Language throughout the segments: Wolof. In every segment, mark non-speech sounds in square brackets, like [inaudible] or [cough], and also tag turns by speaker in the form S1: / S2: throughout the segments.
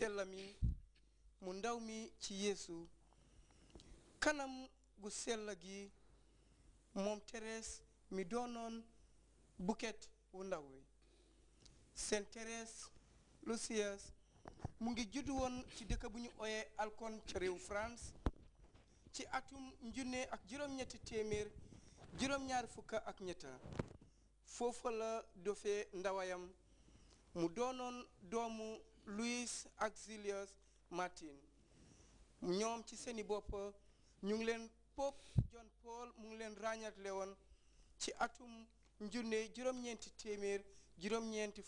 S1: sell mi mu ndaw mi ci yéesu kanam gu sell gi moom Thérèse mi doonoon buket wu ndaw wi Saint Thérèse Lucieuse mu ngi juddu woon ci dëkk bu ñu ooyee alkon ci réew France ci atum njunne ak juróom-ñetti téeméer juróom-ñaar fukk ak ñetta foofa la dofee ndawayam mu doonoon doomu ak Auxilius Martin ñoom ci seeni bopp ñu ngi leen Pope John Paul mu ngi leen ràññatle woon ci atum njunne juróom-ñeenti téeméer juróom-ñeenti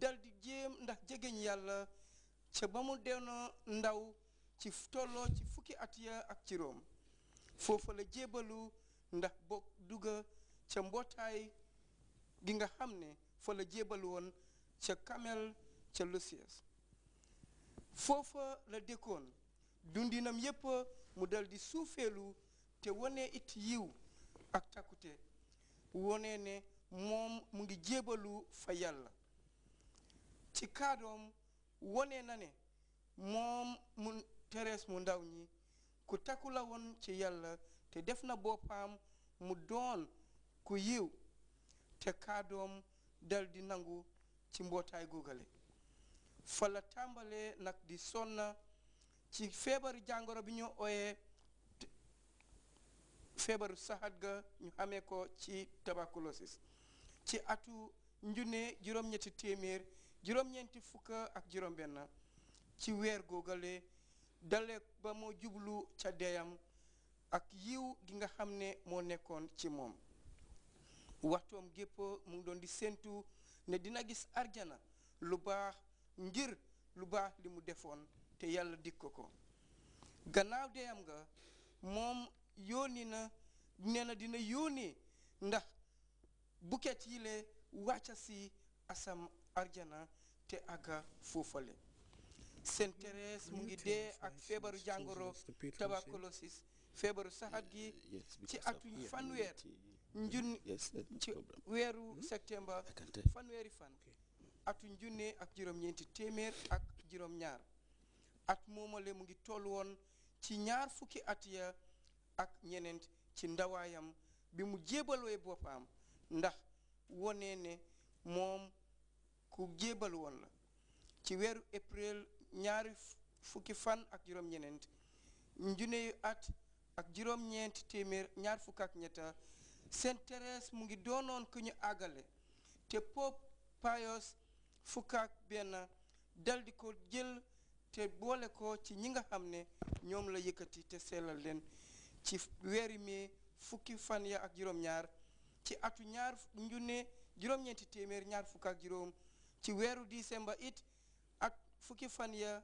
S1: dal di jéem ndax jegeñ yàlla ca ba mu deenoo ndaw ci tolloo ci fukki at ya ak juróom foofa la jébalu ndax bokk dugga ca mbootaay gi nga xam ne fa la jébal woon ca Kamel ca Lusias foofa la dëkkoon dundinam yépp mu daldi suufeelu te wone it yiw ak takkute wone ne moom mu ngi jébalu fa yàlla ci kaadoom wone na ne moom mu teres mu ndaw ñi ku takku la woon ci yàlla te def na boppam mu doon ku yiw te kaadoom dal di nangu ci mbootaay googale fa la tàmbalee nag di sonna ci feebaru jàngoro bi ñu ooyee feebaru saxat ga ñu xamee ko ci tuberculosis ci atu njunne juróom-ñetti téeméer ñeenti fukk ak juróom-benn ci weer googale dale ba moo jublu ca deyam ak yiw gi nga xam ne moo nekkoon ci moom waxtoom gépp mu ngi doon di séentu ne dina gis arjana lu baax ngir lu baax li mu defoon te yàlla dikk ko ko gannaaw dee am nga moom yónni na nee na dina yónni ndax buket yi le wàcca si asam arjana te aga foofale seen terees mu ngi dee ak feebaru jàngoro tuberculosis feebaru saxaat gi uh, ci atu fanweer njun ci weeru hmm? septembre fanweeri fan atum junne ak juróom-ñeenti téeméer ak juróom-ñaar at moomale mu ngi toll woon ci ñaar fukki at ya ak ñeneent ci ndawaayam bi mu jébalwee boppam ndax wonee ne moom ku jébal woon la ci weeru april ñaari fukki fan ak juróom-ñeneent njune yu at ak juróom-ñeenti téeméer ñaar fukk ñetta seen Thérèse mu ngi doonoon ku ñu àggale te Pope payos fukk ak benn ko jël te boole ko ci ñi nga xam ne ñoom la yëkkati te selal leen ci weeri mi fukki fan ya ak juróom-ñaar ci atu ñaar njunne juróom ñaar fukk ak juróom ci weeru décembre it ak fukki fan ya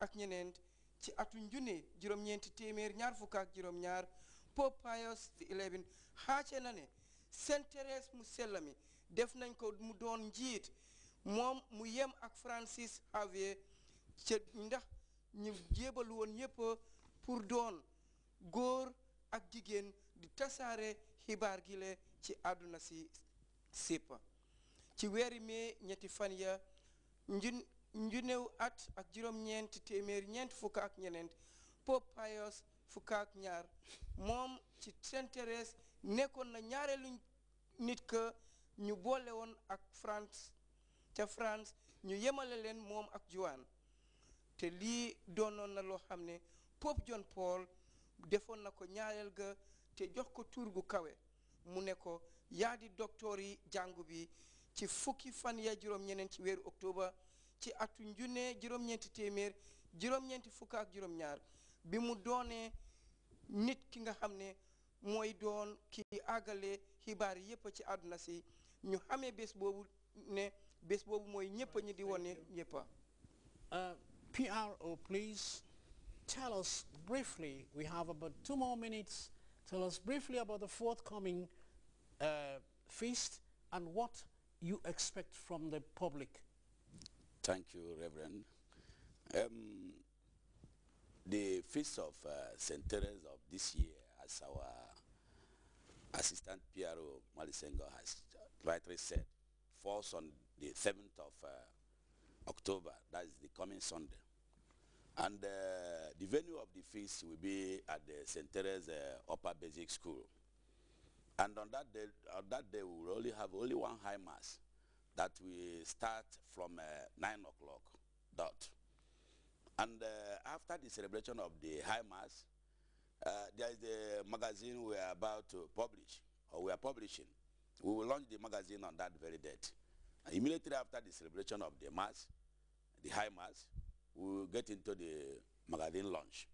S1: ak ñeneent ci atu njunne juróom-ñeenti téeméer ñaar fukk juróom-ñaar Pope Pius the na ne Saint Therese mu sell mi def nañ ko mu doon njiit moom mu yem ak Francis Xavier ca ndax ñu jébalu woon ñëpp pour doon góor ak jigéen di tasaare xibaar gi ci àdduna si sipa ci weeri mee ñetti fan ya néw njunew at ak juróom ñeent téeméer ñeent fukk ak ñeneent Pope Pius fukk ñaar moom ci Saint-Thérèse nekkoon na ñaareelu nit que ñu boole woon ak France ca France ñu yemale leen moom ak Juan te lii doonoon na loo xam ne Pope John Paul defoon na ko ñaareel ga te jox ko tur gu kawe mu ne ko yaa di docteur yi jàngu bi ci fukki fan ya juróom-ñeneen ci weeru octobre ci atu njunne juróom-ñeenti téeméer juróom-ñeenti fukk ak juróom-ñaar bi mu doonee nit ki nga xam ne doon ki agalé xibaar yépp ci àdduna si ñu xamee bés boobu ne bés boobu mooy ñépp ñi di wone ñéppa uh, PRO please tell
S2: us briefly we have about two more minutes tell us briefly about the forthcoming uh, feast and what you expect from the public.
S3: Thank you, Reverend. Um, the feast of uh, St. Terence of this year, as our assistant Piero Malisengo has rightly said, falls on the 7th of uh, October, that is the coming Sunday. And uh, the venue of the feast will be at the St. Teresa's uh, Upper Basic School. And on that day, on that day we will only have only one high mass that will start from uh, 9 o'clock dot. And uh, after the celebration of the High Mass, uh, there is the magazine we are about to publish, or we are publishing. We will launch the magazine on that very date. And immediately after the celebration of the Mass, the High Mass, we will get into the magazine launch.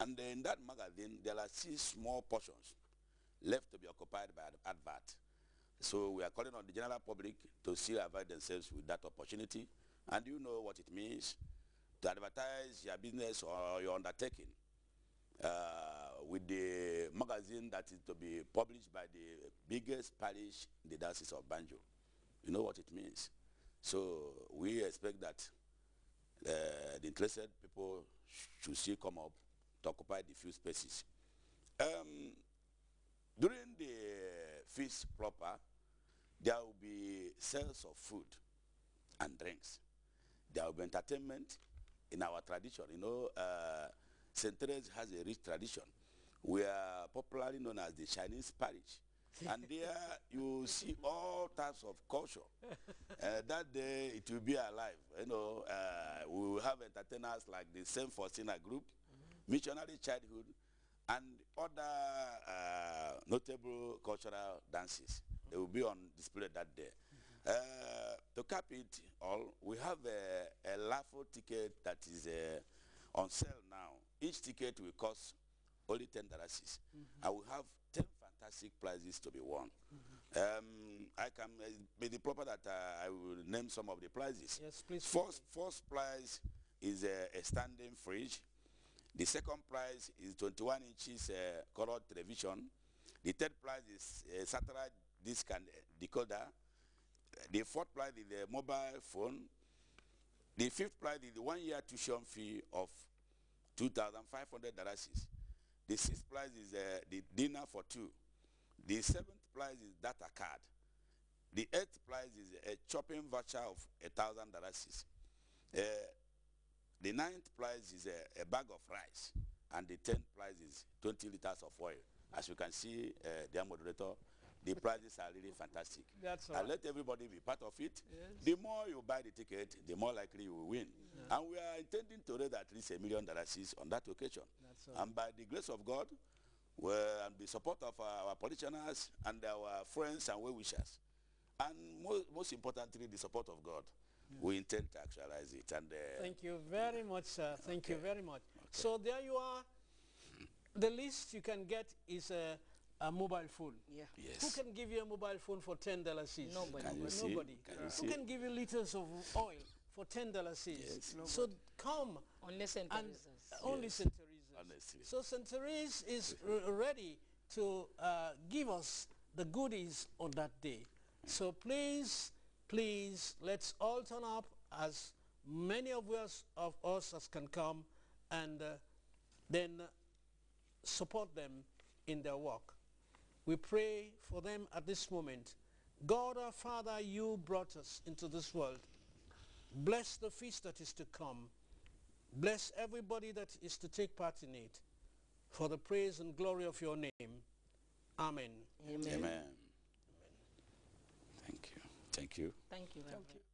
S3: And in that magazine, there are six small portions left to be occupied by advert. So we are calling on the general public to see avail themselves with that opportunity. And you know what it means to advertise your business or your undertaking uh, with the magazine that is to be published by the biggest parish in the Diocese of Banjo. You know what it means. So we expect that uh, the interested people should still come up to occupy the few spaces. Um, during the feast proper, there will be sales of food and drinks. There will be entertainment in our tradition. You know, uh, St. Therese has a rich tradition. We are popularly known as the Chinese parish. and there [laughs] you see all types of culture. Uh, that day it will be alive. You know, uh, we will have entertainers like the for Faustina group, mm -hmm. Missionary Childhood, and other uh, notable cultural dances. They will be on display that day. Uh, to cap it all, we have a, a LAFO ticket that is uh, on sale now. Each ticket will cost only $10. mm -hmm. I will have 10 fantastic prizes to be won. Mm -hmm. um, I can, uh, be the proper that uh, I will name some of the prizes. Yes, please. First, first prize is a standing fridge. The second prize is 21 inches color television. The third prize is a satellite disc and decoder. The fourth prize is the mobile phone. The fifth prize is the one-year tuition fee of 2,500 dollars. The sixth prize is uh, the dinner for two. The seventh prize is data card. The eighth prize is a shopping voucher of a thousand dollars. Uh, the ninth prize is a, a, bag of rice. And the tenth prize is 20 liters of oil. As you can see, uh, dear moderator, the prices are really fantastic.
S2: That's And right. let
S3: everybody be part of it. Yes. The more you buy the ticket, the more likely you will win. Yeah. And we are intending to raise at least a million dollars on that occasion. That's And by the grace of God, and the support of our, petitioners politicians and our friends and well-wishers, and most, most importantly, the support of God, yeah. we intend to actualize it. And uh,
S2: Thank you very much, sir. Thank okay. you very much. Okay. So there you are. The least you can get is a uh, a mobile phone. Yeah. Yes. Who can give you a mobile phone for ten dollars Nobody. Can you Nobody. See? Can you see? Who can give you liters of oil for ten dollars Yes. Nobody. So come. only St. And yes. Only St. Teresa's. So St. Therese is ready to uh, give us the goodies on that day. So please, please, let's all turn up as many of us, of us as can come and uh, then support them in their work. We pray for them at this moment. God our Father, you brought us into this world. Bless the feast that is to come. Bless everybody that is to take part in it for the praise and glory of your name. Amen. Amen. Amen. Amen.
S3: Thank you. Thank you.
S1: Thank you. Thank you.